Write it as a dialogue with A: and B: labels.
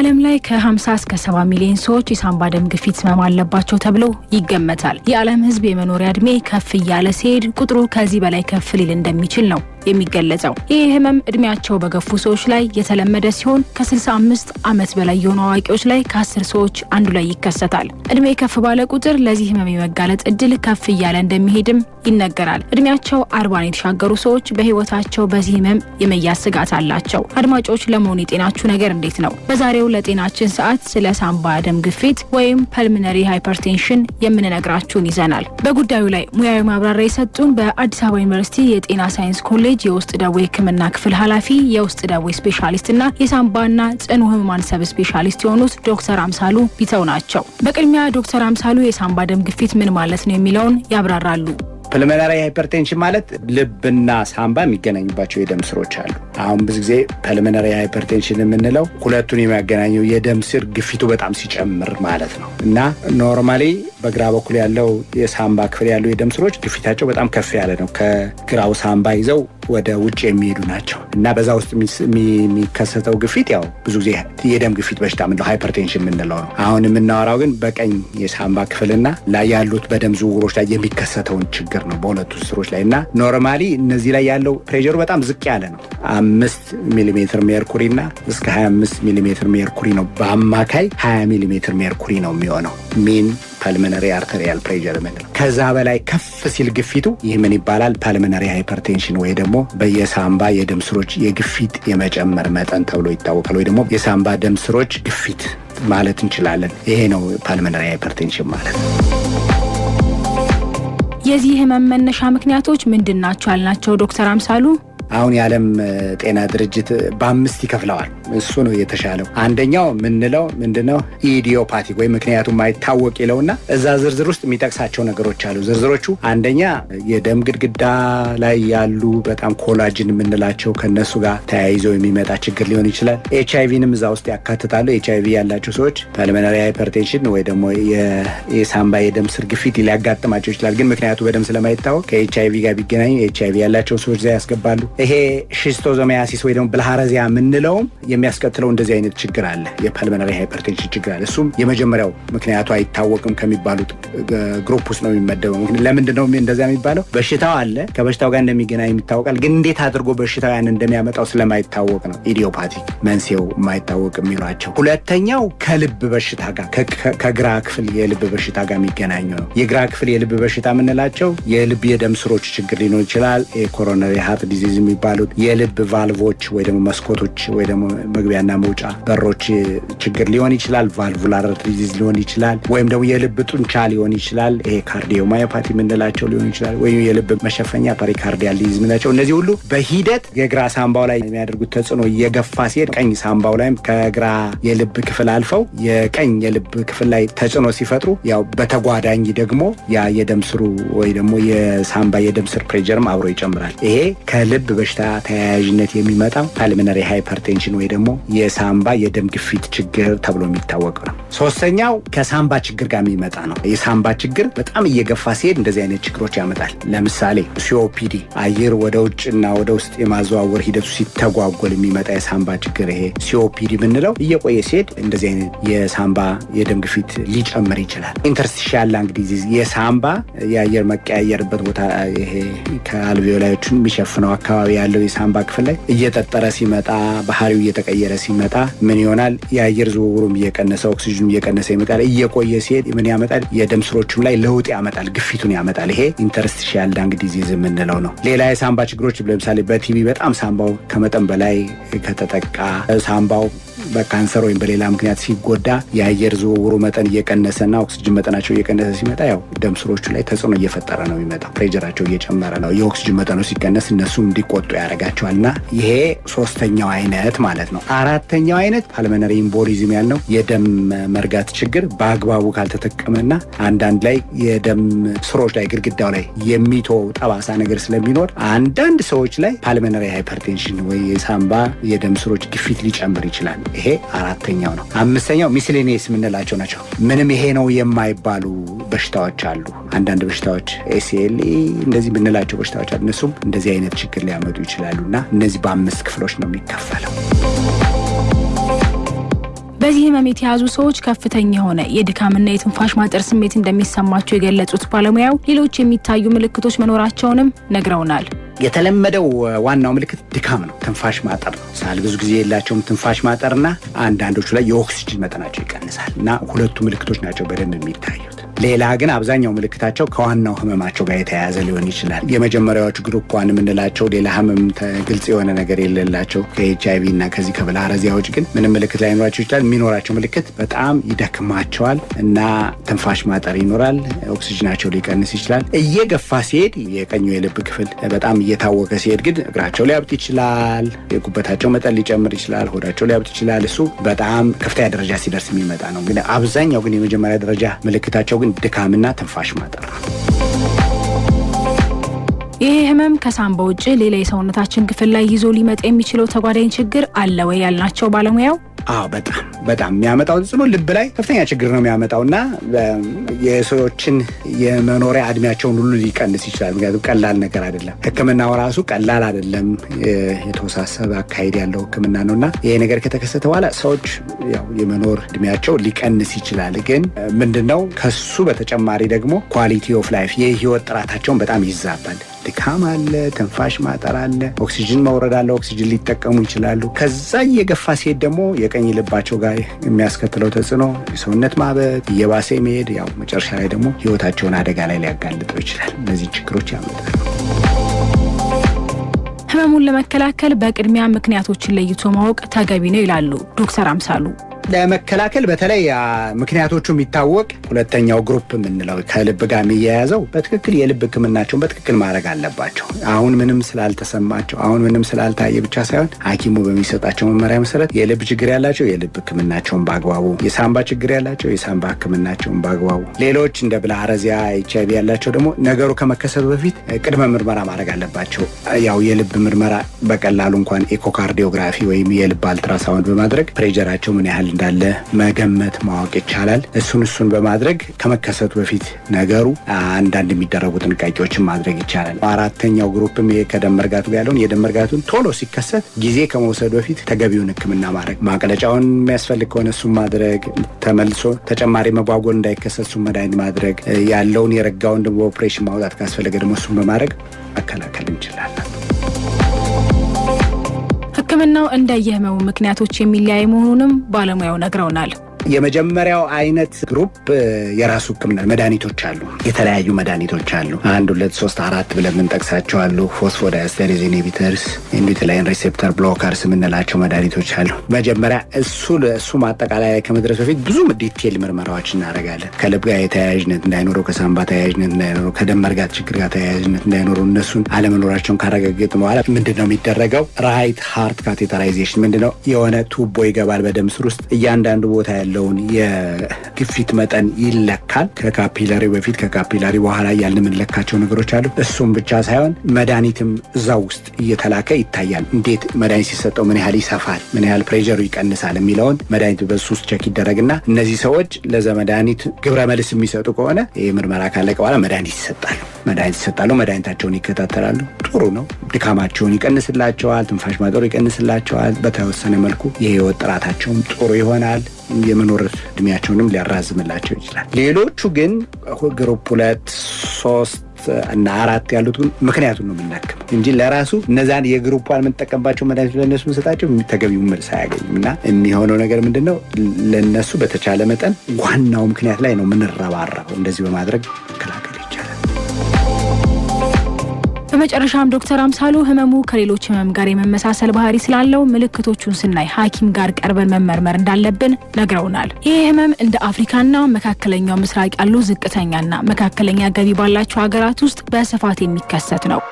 A: በዓለም ላይ ከ50 እስከ 70 ሚሊዮን ሰዎች የሳንባ ደም ግፊት ህመም አለባቸው ተብሎ ይገመታል። የዓለም ህዝብ የመኖሪያ ዕድሜ ከፍ እያለ ሲሄድ ቁጥሩ ከዚህ በላይ ከፍ ሊል እንደሚችል ነው የሚገለጸው። ይህ ህመም እድሜያቸው በገፉ ሰዎች ላይ የተለመደ ሲሆን ከ65 ዓመት በላይ የሆኑ አዋቂዎች ላይ ከ10 ሰዎች አንዱ ላይ ይከሰታል። እድሜ ከፍ ባለ ቁጥር ለዚህ ህመም የመጋለጥ እድል ከፍ እያለ እንደሚሄድም ይነገራል። እድሜያቸው አርባን የተሻገሩ ሰዎች በህይወታቸው በዚህ ህመም የመያዝ ስጋት አላቸው። አድማጮች፣ ለመሆኑ የጤናችሁ ነገር እንዴት ነው? በዛሬው ለጤናችን ሰዓት ስለ ሳምባ ደም ግፊት ወይም ፐልሚነሪ ሃይፐርቴንሽን የምንነግራችሁን ይዘናል። በጉዳዩ ላይ ሙያዊ ማብራሪያ የሰጡን በአዲስ አበባ ዩኒቨርሲቲ የጤና ሳይንስ ኮሌጅ ኮሌጅ የውስጥ ደዌ ህክምና ክፍል ኃላፊ የውስጥ ደዌ ስፔሻሊስትና የሳምባና ጽኑ ህሙማን ሰብ ስፔሻሊስት የሆኑት ዶክተር አምሳሉ ቢተው ናቸው። በቅድሚያ ዶክተር አምሳሉ የሳምባ ደም ግፊት ምን ማለት ነው የሚለውን ያብራራሉ።
B: ፕልመናሪ ሃይፐርቴንሽን ማለት ልብና ሳምባ የሚገናኙባቸው የደም ስሮች አሉ። አሁን ብዙ ጊዜ ፕልመናሪ ሃይፐርቴንሽን የምንለው ሁለቱን የሚያገናኘው የደም ስር ግፊቱ በጣም ሲጨምር ማለት ነው እና ኖርማሊ በግራ በኩል ያለው የሳምባ ክፍል ያለው የደም ስሮች ግፊታቸው በጣም ከፍ ያለ ነው። ከግራው ሳምባ ይዘው ወደ ውጭ የሚሄዱ ናቸው እና በዛ ውስጥ የሚከሰተው ግፊት ያው ብዙ ጊዜ የደም ግፊት በሽታ ምንለው ሃይፐርቴንሽን የምንለው ነው። አሁን የምናወራው ግን በቀኝ የሳምባ ክፍልና ላይ ያሉት በደም ዝውውሮች ላይ የሚከሰተውን ችግር ነው በሁለቱ ስሮች ላይ እና ኖርማሊ እነዚህ ላይ ያለው ፕሬሩ በጣም ዝቅ ያለ ነው። አምስት ሚሊሜትር ሜርኩሪ እና እስከ 25 ሚሊሜትር ሜርኩሪ ነው በአማካይ 20 ሚሊሜትር ሜርኩሪ ነው የሚሆነው ሚን ፓልመነሪ አርተሪያል ፕሬዠር የምንለው ከዛ በላይ ከፍ ሲል ግፊቱ ይህ ምን ይባላል? ፓልመነሪ ሃይፐርቴንሽን ወይ ደግሞ በየሳምባ የደም ስሮች የግፊት የመጨመር መጠን ተብሎ ይታወቃል። ወይ ደግሞ የሳምባ ደም ስሮች ግፊት ማለት እንችላለን። ይሄ ነው ፓልመነሪ ሃይፐርቴንሽን ማለት
A: የዚህ ህመም መነሻ ምክንያቶች ምንድን ናቸው ያልናቸው ዶክተር አምሳሉ
B: አሁን የዓለም ጤና ድርጅት በአምስት ይከፍለዋል። እሱ ነው የተሻለው። አንደኛው ምንለው ምንድነው ኢዲዮፓቲክ ወይ ምክንያቱ ማይታወቅ ይለውና እዛ ዝርዝር ውስጥ የሚጠቅሳቸው ነገሮች አሉ። ዝርዝሮቹ አንደኛ የደም ግድግዳ ላይ ያሉ በጣም ኮላጅን የምንላቸው ከነሱ ጋር ተያይዘው የሚመጣ ችግር ሊሆን ይችላል። ኤች አይቪንም እዛ ውስጥ ያካትታሉ። ኤች አይቪ ያላቸው ሰዎች ፐልመናሪ ሃይፐርቴንሽን ወይ ደግሞ የሳምባ የደም ስር ግፊት ሊያጋጥማቸው ይችላል። ግን ምክንያቱ በደም ስለማይታወቅ ከኤች አይቪ ጋር ቢገናኝ ኤች አይቪ ያላቸው ሰዎች ዛ ያስገባሉ። ይሄ ሺስቶዞሚያሲስ ወይ ደግሞ ብልሃረዚያ የምንለውም የሚያስከትለው እንደዚህ አይነት ችግር አለ፣ የፐልመናሪ ሃይፐርቴንሽን ችግር አለ። እሱም የመጀመሪያው ምክንያቱ አይታወቅም ከሚባሉት ግሩፕ ውስጥ ነው የሚመደበው። ለምንድን ነው እንደዚያ የሚባለው? በሽታው አለ፣ ከበሽታው ጋር እንደሚገናኝ የሚታወቃል፣ ግን እንዴት አድርጎ በሽታው ያን እንደሚያመጣው ስለማይታወቅ ነው ኢዲዮፓቲክ መንስኤው የማይታወቅ የሚሏቸው። ሁለተኛው ከልብ በሽታ ጋር ከግራ ክፍል የልብ በሽታ ጋር የሚገናኙ ነው። የግራ ክፍል የልብ በሽታ የምንላቸው የልብ የደም ስሮች ችግር ሊኖር ይችላል። የኮሮነሪ ሃርት ዲዚዝ የሚባሉት የልብ ቫልቮች ወይ ደግሞ መስኮቶች ወይ ደግሞ መግቢያና መውጫ በሮች ችግር ሊሆን ይችላል። ቫልቩላር ዲዚዝ ሊሆን ይችላል። ወይም ደግሞ የልብ ጡንቻ ሊሆን ይችላል። ይሄ ካርዲዮማዮፓቲ የምንላቸው ሊሆን ይችላል። ወይም የልብ መሸፈኛ ፐሪካርዲያል ዲዚዝ የምንላቸው እነዚህ ሁሉ በሂደት የግራ ሳምባው ላይ የሚያደርጉት ተጽዕኖ እየገፋ ሲሄድ ቀኝ ሳምባው ላይም ከግራ የልብ ክፍል አልፈው የቀኝ የልብ ክፍል ላይ ተጽዕኖ ሲፈጥሩ ያው በተጓዳኝ ደግሞ ያ የደም ስሩ ወይ ደግሞ የሳምባ የደም ስር ፕሬጀርም አብሮ ይጨምራል። ይሄ ከልብ በሽታ ተያያዥነት የሚመጣ ፓልመነሪ ሃይፐርቴንሽን ወይ ደግሞ የሳምባ የደም ግፊት ችግር ተብሎ የሚታወቅ ነው። ሶስተኛው ከሳምባ ችግር ጋር የሚመጣ ነው። የሳምባ ችግር በጣም እየገፋ ሲሄድ እንደዚህ አይነት ችግሮች ያመጣል። ለምሳሌ ሲኦፒዲ፣ አየር ወደ ውጭና ወደ ውስጥ የማዘዋወር ሂደቱ ሲተጓጎል የሚመጣ የሳምባ ችግር ይሄ ሲኦፒዲ ምንለው እየቆየ ሲሄድ እንደዚህ አይነት የሳምባ የደም ግፊት ሊጨምር ይችላል። ኢንተርስቲሻል ላንግ ዲዚዝ የሳምባ የአየር መቀያየርበት ቦታ ይሄ ከአልቬዮላዮችን የሚሸፍነው አካባቢ አካባቢ ያለው የሳምባ ክፍል ላይ እየጠጠረ ሲመጣ ባህሪው እየተቀየረ ሲመጣ ምን ይሆናል? የአየር ዝውውሩም እየቀነሰ ኦክሲጅኑ እየቀነሰ ይመጣል። እየቆየ ሲሄድ ምን ያመጣል? የደም ላይ ለውጥ ያመጣል፣ ግፊቱን ያመጣል። ይሄ ኢንተርስቲሻል ላንግ ዲዚዝ የምንለው ነው። ሌላ የሳምባ ችግሮች ለምሳሌ በቲቪ በጣም ሳምባው ከመጠን በላይ ከተጠቃ ሳምባው በካንሰር ወይም በሌላ ምክንያት ሲጎዳ የአየር ዝውውሩ መጠን እየቀነሰና ኦክስጅን መጠናቸው እየቀነሰ ሲመጣ ያው ደም ስሮቹ ላይ ተጽዕኖ እየፈጠረ ነው የሚመጣው። ፕሬጀራቸው እየጨመረ ነው። የኦክስጅን መጠኑ ሲቀነስ እነሱም እንዲቆጡ ያደርጋቸዋልና ይሄ ሶስተኛው አይነት ማለት ነው። አራተኛው አይነት ፓልመነሪ ኢምቦሊዝም ያልነው የደም መርጋት ችግር በአግባቡ ካልተጠቀመና አንዳንድ ላይ የደም ስሮች ላይ ግድግዳው ላይ የሚቶ ጠባሳ ነገር ስለሚኖር አንዳንድ ሰዎች ላይ ፓልመነሪ ሃይፐርቴንሽን ወይ የሳምባ የደም ስሮች ግፊት ሊጨምር ይችላል። ይሄ አራተኛው ነው። አምስተኛው ሚስሌኔስ የምንላቸው ናቸው። ምንም ይሄ ነው የማይባሉ በሽታዎች አሉ። አንዳንድ በሽታዎች ኤሲኤልኢ እንደዚህ የምንላቸው በሽታዎች አሉ። እነሱም እንደዚህ አይነት ችግር ሊያመጡ ይችላሉ እና እነዚህ በአምስት ክፍሎች ነው የሚከፈለው።
A: በዚህ ህመም የተያዙ ሰዎች ከፍተኛ የሆነ የድካምና የትንፋሽ ማጠር ስሜት እንደሚሰማቸው የገለጹት ባለሙያው ሌሎች የሚታዩ ምልክቶች መኖራቸውንም ነግረውናል።
B: የተለመደው ዋናው ምልክት ድካም ነው፣ ትንፋሽ ማጠር ነው። ሳል ብዙ ጊዜ የላቸውም። ትንፋሽ ማጠርና አንዳንዶቹ ላይ የኦክሲጅን መጠናቸው ይቀንሳል እና ሁለቱ ምልክቶች ናቸው በደንብ የሚታዩት። ሌላ ግን አብዛኛው ምልክታቸው ከዋናው ህመማቸው ጋር የተያያዘ ሊሆን ይችላል። የመጀመሪያዎች ግሩፕ ዋን የምንላቸው ሌላ ህመም ግልጽ የሆነ ነገር የሌላቸው ከኤች አይቪ እና ከዚህ ከብልሃረዚያ ረዚያዎች ግን ምንም ምልክት ላይኖራቸው ይችላል። የሚኖራቸው ምልክት በጣም ይደክማቸዋል እና ትንፋሽ ማጠር ይኖራል። ኦክሲጅናቸው ሊቀንስ ይችላል። እየገፋ ሲሄድ የቀኙ የልብ ክፍል በጣም እየታወቀ ሲሄድ ግን እግራቸው ሊያብጥ ይችላል። የጉበታቸው መጠን ሊጨምር ይችላል። ሆዳቸው ሊያብጥ ይችላል። እሱ በጣም ከፍተኛ ደረጃ ሲደርስ የሚመጣ ነው። ግን አብዛኛው ግን የመጀመሪያ ደረጃ ምልክታቸው ግን ወይም ድካምና ትንፋሽ ማጠር ነው።
A: ይሄ ህመም ከሳምባ ውጭ ሌላ የሰውነታችን ክፍል ላይ ይዞ ሊመጣ የሚችለው ተጓዳኝ ችግር አለ ወይ ያልናቸው ባለሙያው
B: አዎ በጣም በጣም የሚያመጣው ተጽዕኖ ልብ ላይ ከፍተኛ ችግር ነው የሚያመጣው እና የሰዎችን የመኖሪያ እድሜያቸውን ሁሉ ሊቀንስ ይችላል። ምክንያቱም ቀላል ነገር አይደለም። ሕክምናው ራሱ ቀላል አይደለም። የተወሳሰበ አካሄድ ያለው ሕክምና ነው እና ይሄ ነገር ከተከሰተ በኋላ ሰዎች ያው የመኖር እድሜያቸው ሊቀንስ ይችላል። ግን ምንድነው ከሱ በተጨማሪ ደግሞ ኳሊቲ ኦፍ ላይፍ የህይወት ጥራታቸውን በጣም ይዛባል። ድካም አለ፣ ትንፋሽ ማጠር አለ፣ ኦክሲጅን መውረድ አለ። ኦክሲጅን ሊጠቀሙ ይችላሉ። ከዛ እየገፋ ሴት ደግሞ የቀኝ ልባቸው ጋር የሚያስከትለው ተጽዕኖ የሰውነት ማበት እየባሰ መሄድ፣ ያው መጨረሻ ላይ ደግሞ ህይወታቸውን አደጋ ላይ ሊያጋልጠው ይችላል። እነዚህ ችግሮች ያመጣል።
A: ህመሙን ለመከላከል በቅድሚያ ምክንያቶችን ለይቶ ማወቅ ተገቢ ነው ይላሉ ዶክተር አምሳሉ።
B: ለመከላከል በተለይ ምክንያቶቹ የሚታወቅ ሁለተኛው ግሩፕ የምንለው ከልብ ጋር የሚያያዘው በትክክል የልብ ህክምናቸውን በትክክል ማድረግ አለባቸው። አሁን ምንም ስላልተሰማቸው አሁን ምንም ስላልታየ ብቻ ሳይሆን ሀኪሙ በሚሰጣቸው መመሪያ መሰረት የልብ ችግር ያላቸው የልብ ህክምናቸውን በአግባቡ፣ የሳምባ ችግር ያላቸው የሳምባ ህክምናቸውን በአግባቡ፣ ሌሎች እንደ ብልሃረዚያ ኤች አይቪ ያላቸው ደግሞ ነገሩ ከመከሰቱ በፊት ቅድመ ምርመራ ማድረግ አለባቸው። ያው የልብ ምርመራ በቀላሉ እንኳን ኢኮካርዲዮግራፊ ወይም የልብ አልትራሳውንድ በማድረግ ፕሬጀራቸው ምን ያህል እንዳለ መገመት ማወቅ ይቻላል። እሱን እሱን በማድረግ ከመከሰቱ በፊት ነገሩ አንዳንድ የሚደረጉ ጥንቃቄዎችን ማድረግ ይቻላል። አራተኛው ግሩፕም ይሄ ከደም ያለውን የደም ቶሎ ሲከሰት ጊዜ ከመውሰዱ በፊት ተገቢውን ህክምና ማድረግ ማቅለጫውን የሚያስፈልግ ከሆነ እሱን ማድረግ፣ ተመልሶ ተጨማሪ መጓጎል እንዳይከሰት እሱን መድኃኒት ማድረግ፣ ያለውን የረጋውን ደግሞ ኦፕሬሽን ማውጣት ካስፈለገ ደግሞ እሱን በማድረግ መከላከል እንችላለን።
A: ህክምናው እንደየህመሙ ምክንያቶች የሚለያይ መሆኑንም ባለሙያው ነግረውናል።
B: የመጀመሪያው አይነት ግሩፕ የራሱ ህክምና መድኃኒቶች አሉ። የተለያዩ መድኃኒቶች አሉ። አንድ ሁለት ሶስት አራት ብለን የምንጠቅሳቸው አሉ። ፎስፎዳስተሪዝ ኢንሂቢተርስ፣ ኢንዱትላይን ሪሴፕተር ብሎከርስ የምንላቸው መድኃኒቶች አሉ። መጀመሪያ እሱ ለእሱ ማጠቃላይ ላይ ከመድረስ በፊት ብዙ ዲቴል ምርመራዎች እናደርጋለን። ከልብ ጋር የተያያዥነት እንዳይኖረው፣ ከሳምባ ተያያዥነት እንዳይኖረው፣ ከደም መርጋት ችግር ጋር ተያያዥነት እንዳይኖረው እነሱን አለመኖራቸውን ካረጋገጥ በኋላ ምንድነው የሚደረገው? ራይት ሃርት ካቴተራይዜሽን ምንድነው? የሆነ ቱቦ ይገባል በደም ስር ውስጥ እያንዳንዱ ቦታ ያለ ያለውን የግፊት መጠን ይለካል። ከካፒላሪ በፊት ከካፒላሪ በኋላ ያለ የምንለካቸው ነገሮች አሉ። እሱም ብቻ ሳይሆን መድኃኒትም እዛ ውስጥ እየተላከ ይታያል። እንዴት መድኃኒት ሲሰጠው ምን ያህል ይሰፋል፣ ምን ያህል ፕሬሩ ይቀንሳል የሚለውን መድኃኒት በሱ ውስጥ ቸክ ይደረግና እነዚህ ሰዎች ለዘ መድኃኒት ግብረ መልስ የሚሰጡ ከሆነ ይህ ምርመራ ካለቀ በኋላ መድኃኒት ይሰጣሉ። መድኃኒት ይሰጣሉ፣ መድኃኒታቸውን ይከታተላሉ። ጥሩ ነው። ድካማቸውን ይቀንስላቸዋል፣ ትንፋሽ ማጠሩ ይቀንስላቸዋል። በተወሰነ መልኩ የህይወት ጥራታቸውም ጥሩ ይሆናል። የመኖር እድሜያቸውንም ሊያራዝምላቸው ይችላል። ሌሎቹ ግን ግሩፕ ሁለት ሶስት እና አራት ያሉት ምክንያቱን ነው የምናክመው እንጂ ለራሱ እነዛን የግሩፕ የምንጠቀምባቸው መድኃኒት ለእነሱ ምንሰጣቸው ተገቢውን መልስ አያገኝም እና የሚሆነው ነገር ምንድን ነው ለእነሱ በተቻለ መጠን ዋናው ምክንያት ላይ ነው የምንረባረበው እንደዚህ በማድረግ
A: በመጨረሻም ዶክተር አምሳሉ ህመሙ ከሌሎች ህመም ጋር የመመሳሰል ባህሪ ስላለው ምልክቶቹን ስናይ ሐኪም ጋር ቀርበን መመርመር እንዳለብን ነግረውናል። ይህ ህመም እንደ አፍሪካና መካከለኛው ምስራቅ ያሉ ዝቅተኛና መካከለኛ ገቢ ባላቸው ሀገራት ውስጥ በስፋት የሚከሰት ነው።